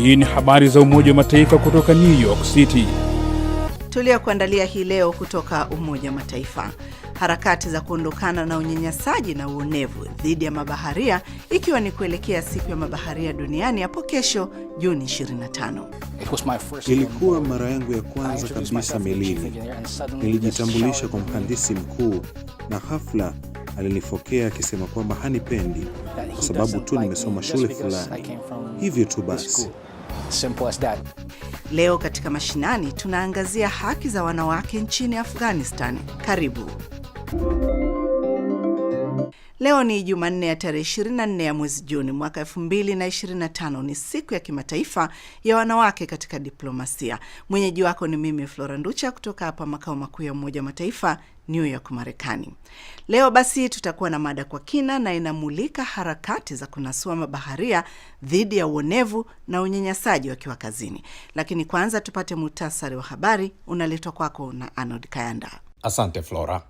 Hii ni habari za Umoja wa Mataifa kutoka New York City tuliyokuandalia hii leo kutoka Umoja wa Mataifa. Harakati za kuondokana na unyanyasaji na uonevu dhidi ya mabaharia ikiwa ni kuelekea siku ya mabaharia duniani hapo kesho Juni 25. Ilikuwa mara yangu ya kwanza kabisa melini, nilijitambulisha kwa mhandisi mkuu na hafla alinifokea akisema kwamba hanipendi yaani kwa sababu tu nimesoma shule fulani, hivyo tu basi. Leo katika Mashinani tunaangazia haki za wanawake nchini Afghanistan. Karibu. Leo ni Jumanne ya tarehe 24 ya mwezi Juni mwaka 2025. Ni siku ya kimataifa ya wanawake katika diplomasia. Mwenyeji wako ni mimi Flora Nducha kutoka hapa makao makuu ya Umoja wa Mataifa New York, Marekani. Leo basi tutakuwa na mada kwa kina na inamulika harakati za kunasua mabaharia dhidi ya uonevu na unyanyasaji wakiwa kazini, lakini kwanza tupate muhtasari wa habari unaletwa kwako na Arnold Kayanda. Asante Flora.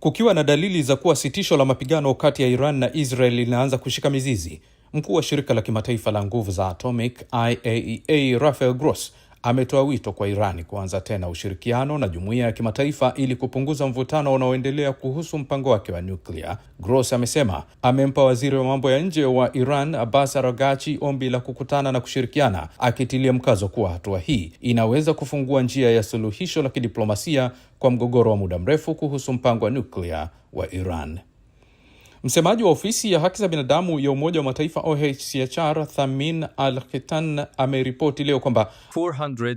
Kukiwa na dalili za kuwa sitisho la mapigano kati ya Iran na Israel linaanza kushika mizizi, mkuu wa shirika la kimataifa la nguvu za atomic IAEA e Rafael Gross ametoa wito kwa Irani kuanza tena ushirikiano na jumuiya ya kimataifa ili kupunguza mvutano unaoendelea kuhusu mpango wake wa nyuklia. Gross amesema amempa waziri wa mambo ya nje wa Iran Abbas Aragachi ombi la kukutana na kushirikiana, akitilia mkazo kuwa hatua hii inaweza kufungua njia ya suluhisho la kidiplomasia kwa mgogoro wa muda mrefu kuhusu mpango wa nyuklia wa Iran. Msemaji wa ofisi ya haki za binadamu ya Umoja wa Mataifa OHCHR Thamin Al-Khitan ameripoti leo kwamba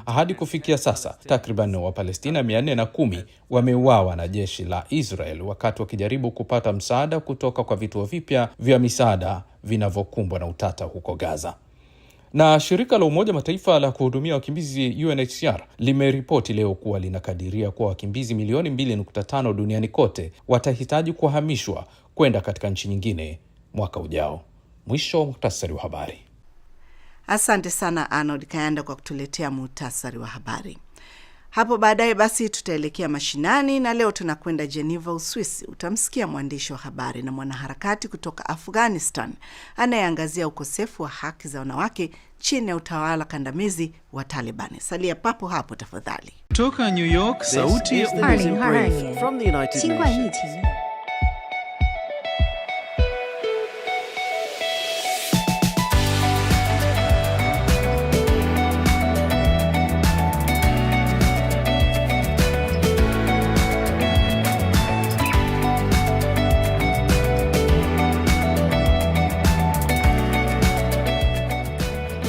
hadi kufikia sasa takriban Wapalestina 410 wameuawa na jeshi la Israel wakati wakijaribu kupata msaada kutoka kwa vituo vipya vya misaada vinavyokumbwa na utata huko Gaza. Na shirika la Umoja Mataifa la kuhudumia wakimbizi UNHCR limeripoti leo kuwa linakadiria kuwa wakimbizi milioni 2.5 duniani kote watahitaji kuhamishwa kwenda katika nchi nyingine mwaka ujao. Mwisho wa muktasari wa habari. Asante sana Arnold Kayanda kwa kutuletea muhtasari wa habari. Hapo baadaye basi tutaelekea mashinani, na leo tunakwenda Geneva, Uswisi. Utamsikia mwandishi wa habari na mwanaharakati kutoka Afghanistan anayeangazia ukosefu wa haki za wanawake chini ya utawala kandamizi wa Taliban. Salia papo hapo tafadhali. Kutoka New York, sauti ya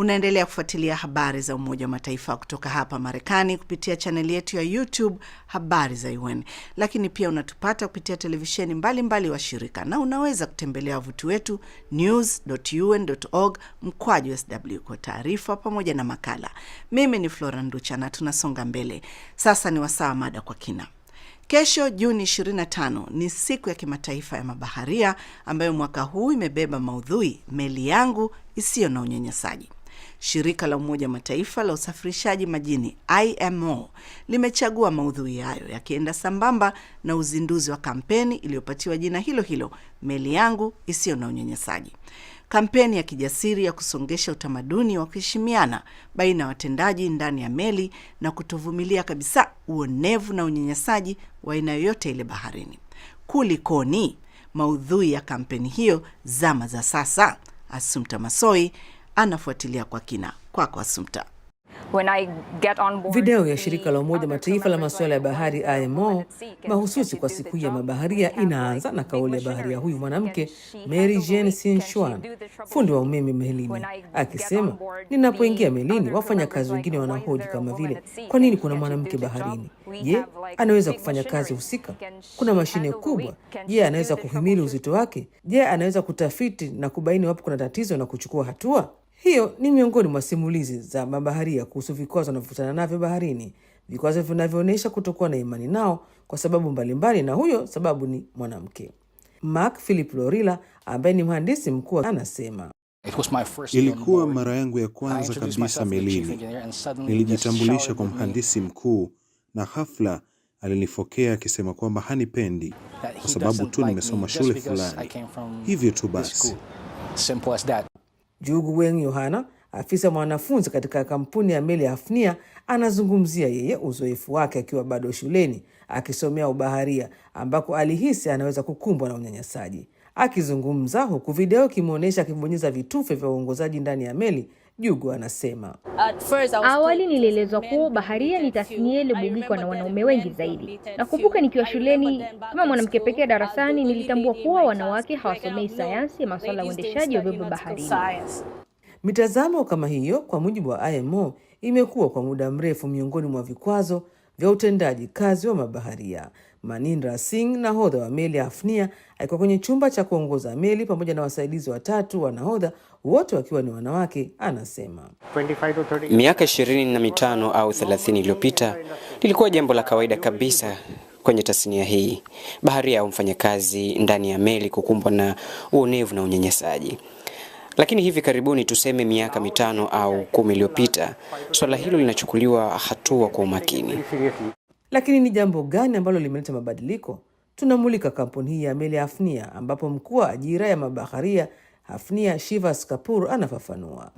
Unaendelea kufuatilia habari za Umoja wa Mataifa kutoka hapa Marekani kupitia chaneli yetu ya YouTube Habari za UN, lakini pia unatupata kupitia televisheni mbalimbali wa shirika, na unaweza kutembelea wavuti wetu news.un.org mkwaju sw kwa taarifa pamoja na makala. Mimi ni Flora Nducha na tunasonga mbele sasa. Ni wasaa mada kwa kina. Kesho Juni 25 ni siku ya kimataifa ya mabaharia ambayo mwaka huu imebeba maudhui meli yangu isiyo na unyanyasaji. Shirika la Umoja wa Mataifa la usafirishaji majini IMO limechagua maudhui hayo yakienda sambamba na uzinduzi wa kampeni iliyopatiwa jina hilo hilo, meli yangu isiyo na unyenyesaji Kampeni ya kijasiri ya kusongesha utamaduni wa kuheshimiana baina ya watendaji ndani ya meli na kutovumilia kabisa uonevu na unyenyesaji wa aina yoyote ile baharini. Kulikoni maudhui ya kampeni hiyo zama za sasa? Asumta Masoi anafuatilia kwa kina. Kwako Asumta. Board... video ya shirika la Umoja Mataifa la masuala ya bahari IMO mahususi kwa siku hii ya mabaharia inaanza na kauli ya baharia huyu mwanamke Mary Jane Sinshuan, fundi wa umeme melini, akisema ninapoingia melini, wafanyakazi wengine wanahoji kama vile, kwa nini kuna mwanamke baharini? Je, anaweza kufanya kazi husika? Kuna mashine kubwa, je, anaweza kuhimili uzito wake? Je, anaweza kutafiti na kubaini wapo kuna tatizo na kuchukua hatua? Hiyo ni miongoni mwa simulizi za mabaharia kuhusu vikwazo wanavyokutana navyo baharini, vikwazo vinavyoonyesha kutokuwa na imani nao kwa sababu mbalimbali, na huyo sababu ni mwanamke. Mark Philip Lorilla ambaye ni mhandisi mkuu anasema, ilikuwa mara yangu ya kwanza kabisa melini. Nilijitambulisha kwa mhandisi mkuu na hafla alinifokea akisema kwamba hanipendi kwa sababu tu nimesoma shule fulani, hivyo tu basi weng Yohana, afisa mwanafunzi katika kampuni ya meli ya Hafnia, anazungumzia yeye uzoefu wake akiwa bado shuleni akisomea ubaharia, ambako alihisi anaweza kukumbwa na unyanyasaji. Akizungumza huku video ikimwonyesha akibonyeza vitufe vya uongozaji ndani ya meli, Jugu anasema awali nilielezwa kuwa baharia ni tasnia iliyobugikwa na wanaume wengi zaidi. Nakumbuka nikiwa shuleni kama mwanamke pekee darasani, nilitambua kuwa wanawake hawasomei sayansi ya masuala ya uendeshaji wa vyombo baharini. Mitazamo kama hiyo, kwa mujibu wa IMO, imekuwa kwa muda mrefu miongoni mwa vikwazo vya utendaji kazi wa mabaharia. Manindra Singh, nahodha wa meli ya Afnia, alikuwa kwenye chumba cha kuongoza meli pamoja na wasaidizi watatu wa nahodha, wote wakiwa ni wanawake. Anasema miaka ishirini na mitano au thelathini iliyopita lilikuwa jambo la kawaida kabisa kwenye tasnia hii baharia au mfanyakazi ndani ya meli kukumbwa na uonevu na unyanyasaji. Lakini hivi karibuni, tuseme miaka mitano au kumi iliyopita, swala hilo linachukuliwa hatua kwa umakini. Lakini ni jambo gani ambalo limeleta mabadiliko? Tunamulika kampuni hii ya meli ya ambapo mkuu wa ajira ya mabaharia Hafnia Shivas Kapur anafafanua.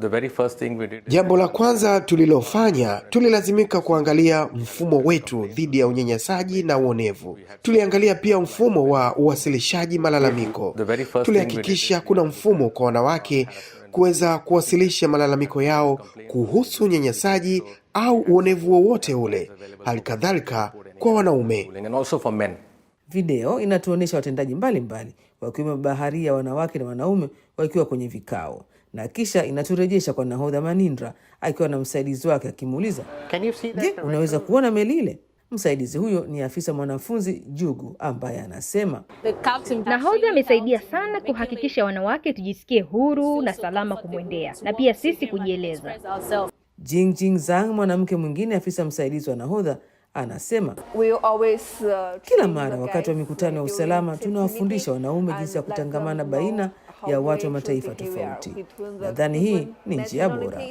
Jambo la kwanza tulilofanya, tulilazimika kuangalia mfumo wetu dhidi ya unyanyasaji na uonevu. Tuliangalia pia mfumo wa uwasilishaji malalamiko. Tulihakikisha kuna mfumo kwa wanawake kuweza kuwasilisha malalamiko yao kuhusu unyanyasaji au uonevu wowote ule, hali kadhalika kwa wanaume. Video inatuonyesha watendaji mbalimbali wakiwemo baharia wanawake na wanaume wakiwa kwenye vikao, na kisha inaturejesha kwa nahodha Manindra akiwa na msaidizi wake akimuuliza, je, unaweza kuona meli ile? Msaidizi huyo ni afisa mwanafunzi Jugu ambaye anasema nahodha amesaidia sana kuhakikisha wanawake tujisikie huru na salama kumwendea na pia sisi kujieleza. Jingjing Zang, mwanamke mwingine afisa msaidizi wa nahodha, Anasema uh, kila mara wakati wa mikutano ya usalama tunawafundisha wanaume jinsi ya kutangamana baina ya watu wa mataifa tofauti. Nadhani hii ni njia bora.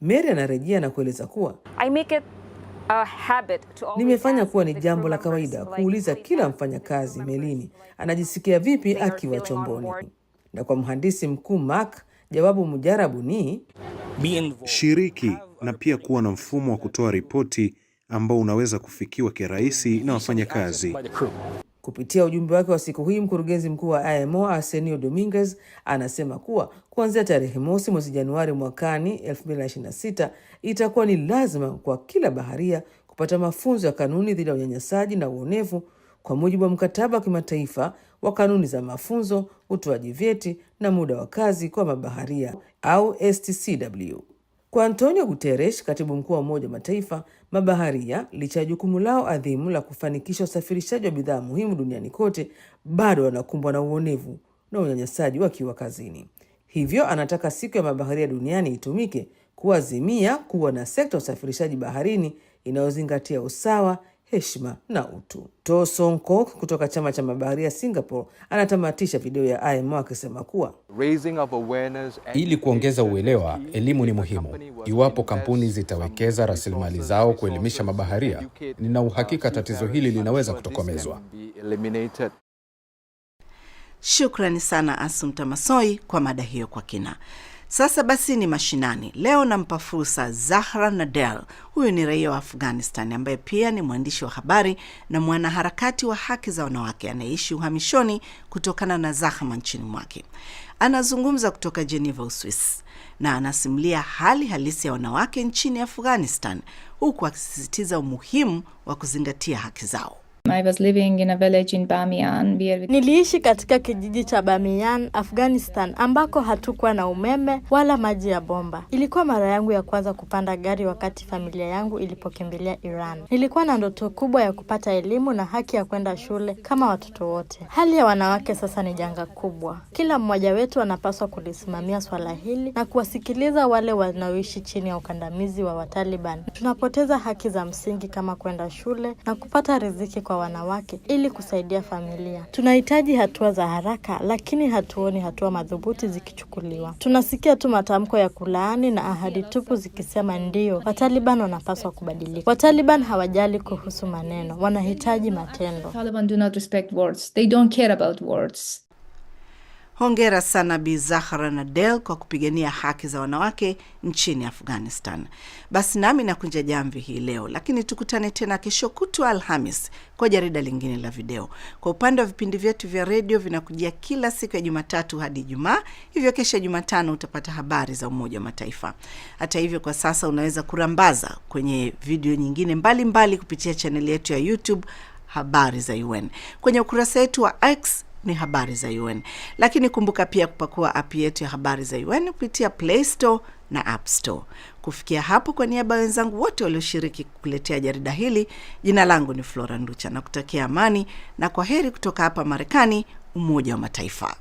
Mary anarejea na kueleza kuwa nimefanya kuwa ni jambo la kawaida kuuliza kila mfanyakazi melini anajisikia vipi akiwa chomboni, na kwa mhandisi mkuu Mark jawabu mujarabu ni Shiriki na pia kuwa na mfumo wa kutoa ripoti ambao unaweza kufikiwa kirahisi na wafanyakazi. Kupitia ujumbe wake wa siku hii, mkurugenzi mkuu wa IMO Arsenio Dominguez anasema kuwa kuanzia tarehe mosi mwezi Januari mwakani 2026 itakuwa ni lazima kwa kila baharia kupata mafunzo ya kanuni dhidi ya unyanyasaji na uonevu kwa mujibu wa mkataba wa kimataifa wa kanuni za mafunzo, utoaji vyeti na muda wa kazi kwa mabaharia au STCW. Kwa Antonio Guterres, katibu mkuu wa Umoja wa Mataifa, mabaharia licha ya jukumu lao adhimu la kufanikisha usafirishaji wa bidhaa muhimu duniani kote, bado wanakumbwa na uonevu na unyanyasaji wakiwa kazini. Hivyo anataka siku ya mabaharia duniani itumike kuazimia kuwa na sekta ya usafirishaji baharini inayozingatia usawa heshima na utu. To kutoka chama cha mabaharia Singapore anatamatisha video ya IMO akisema kuwa ili kuongeza uelewa, elimu ni muhimu. Iwapo kampuni zitawekeza rasilimali zao kuelimisha mabaharia, nina uh, uhakika tatizo hili linaweza kutokomezwa. Shukrani sana Asumta Masoi kwa mada hiyo kwa kina. Sasa basi ni mashinani. Leo nampa fursa Zahra Nadel. Huyu ni raia wa Afghanistan ambaye pia ni mwandishi wa habari na mwanaharakati wa haki za wanawake anayeishi uhamishoni kutokana na zahma nchini mwake. Anazungumza kutoka Geneva, Uswis, na anasimulia hali halisi ya wanawake nchini Afghanistan, huku akisisitiza umuhimu wa kuzingatia haki zao. I was living in a village in Bamiyan. Niliishi katika kijiji cha Bamiyan, Afghanistan ambako hatukuwa na umeme wala maji ya bomba. Ilikuwa mara yangu ya kwanza kupanda gari wakati familia yangu ilipokimbilia Iran. Nilikuwa na ndoto kubwa ya kupata elimu na haki ya kwenda shule kama watoto wote. Hali ya wanawake sasa ni janga kubwa. Kila mmoja wetu anapaswa kulisimamia swala hili na kuwasikiliza wale wanaoishi chini ya ukandamizi wa Wataliban. Tunapoteza haki za msingi kama kwenda shule na kupata riziki kwa kwa wanawake ili kusaidia familia. Tunahitaji hatua za haraka, lakini hatuoni hatua madhubuti zikichukuliwa. Tunasikia tu matamko ya kulaani na ahadi tupu zikisema ndio, Wataliban wanapaswa kubadilika. Wataliban hawajali kuhusu maneno, wanahitaji matendo. Taliban do not respect words. They don't care about words. Hongera sana Bi Zahra Nadel kwa kupigania haki za wanawake nchini Afghanistan. Basi nami nakunja jamvi hii leo, lakini tukutane tena kesho kutwa Alhamis kwa jarida lingine la video. Kwa upande wa vipindi vyetu vya redio vinakujia kila siku ya Jumatatu hadi Ijumaa, hivyo kesho Jumatano utapata habari za Umoja wa Mataifa. Hata hivyo, kwa sasa unaweza kurambaza kwenye video nyingine mbalimbali mbali kupitia chaneli yetu ya YouTube habari za UN kwenye ukurasa wetu wa X ni habari za UN, lakini kumbuka pia kupakua app yetu ya habari za UN kupitia Play Store na App Store. Kufikia hapo, kwa niaba ya wenzangu wote walioshiriki kukuletea jarida hili, jina langu ni Flora Nducha na kutakia amani na kwa heri kutoka hapa Marekani, Umoja wa Mataifa.